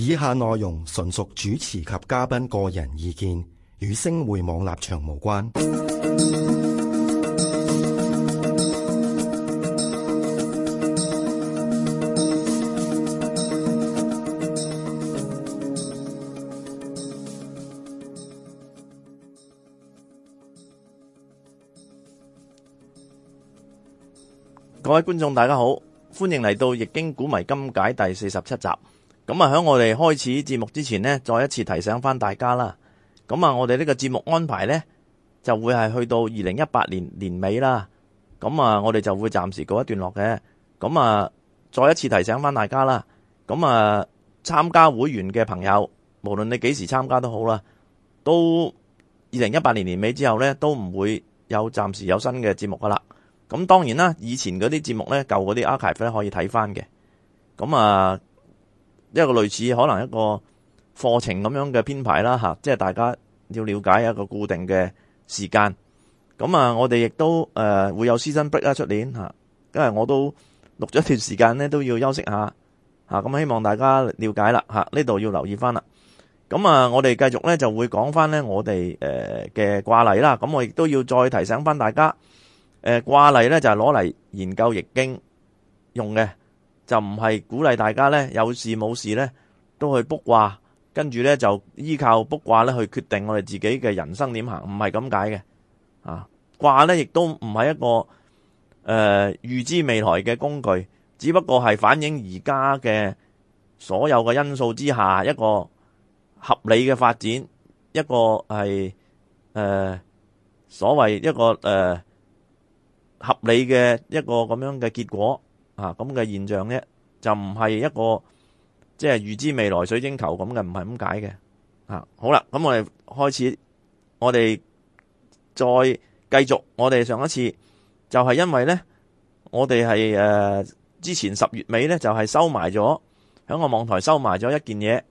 以下內容純屬主持及嘉賓個人意見，與星匯網立場無關。各位觀眾，大家好，歡迎嚟到《易經古謎今解》第四十七集。咁啊，喺我哋開始節目之前呢，再一次提醒翻大家啦。咁啊，我哋呢個節目安排呢，就會係去到二零一八年年尾啦。咁啊，我哋就會暫時告一段落嘅。咁啊，再一次提醒翻大家啦。咁啊，參加會員嘅朋友，無論你幾時參加都好啦，都二零一八年年尾之後呢，都唔會有暫時有新嘅節目噶啦。咁當然啦，以前嗰啲節目呢，舊嗰啲 archive 可以睇翻嘅。咁啊～一個類似可能一個課程咁樣嘅編排啦，吓，即係大家要了解一個固定嘅時間。咁啊，我哋亦都誒會有 season break 啦出年，吓，因為我都錄咗一段時間呢，都要休息下吓。咁希望大家了解啦，吓，呢度要留意翻啦。咁啊，我哋繼續呢就會講翻呢我哋誒嘅卦例啦。咁我亦都要再提醒翻大家，誒卦例呢就係攞嚟研究易經用嘅。就唔係鼓勵大家呢，有事冇事呢，都去卜卦，跟住呢，就依靠卜卦呢，去決定我哋自己嘅人生點行，唔係咁解嘅啊！卦呢，亦都唔係一個誒、呃、預知未來嘅工具，只不過係反映而家嘅所有嘅因素之下一個合理嘅發展，一個係誒、呃、所謂一個誒、呃、合理嘅一個咁樣嘅結果。啊，咁嘅現象呢，就唔係一個即係預知未來水晶球咁嘅，唔係咁解嘅。啊，好啦，咁我哋開始，我哋再繼續，我哋上一次就係因為呢，我哋係誒之前十月尾呢，就係收埋咗響個網台收埋咗一件嘢，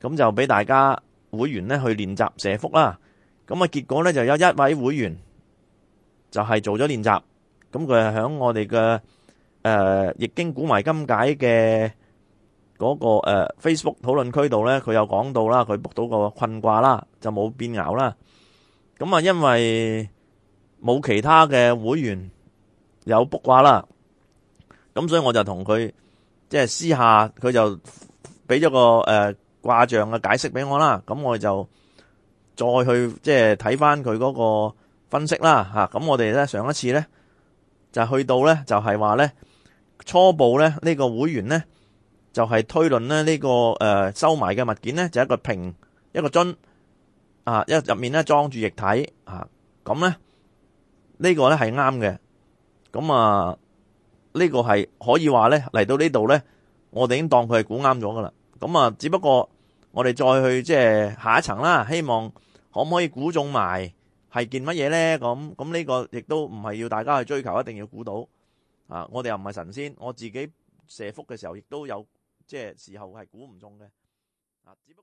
咁就俾大家會員呢去練習射覆啦。咁啊，結果呢就有一位會員就係做咗練習，咁佢係響我哋嘅。誒，易經古謎今解嘅嗰個誒 Facebook 討論區度咧，佢有講到啦，佢卜到個困卦啦，就冇變爻啦。咁啊，因為冇其他嘅會員有卜卦啦，咁所以我就同佢即係私下，佢就俾咗個誒卦象嘅解釋俾我啦。咁我就再去即係睇翻佢嗰個分析啦。吓，咁我哋咧上一次咧就去到咧就係話咧。初步咧，呢個會員咧就係推論咧，呢個誒收埋嘅物件咧就係一個瓶一個樽啊，一入面咧裝住液體啊，咁咧呢個咧係啱嘅。咁啊，呢個係可以話咧嚟到呢度咧，我哋已經當佢係估啱咗噶啦。咁啊，只不過我哋再去即係下一層啦，希望可唔可以估中埋係件乜嘢咧？咁咁呢個亦都唔係要大家去追求，一定要估到。啊！我哋又唔係神仙，我自己射覆嘅時候，亦都有即係時候係估唔中嘅。啊！只不過。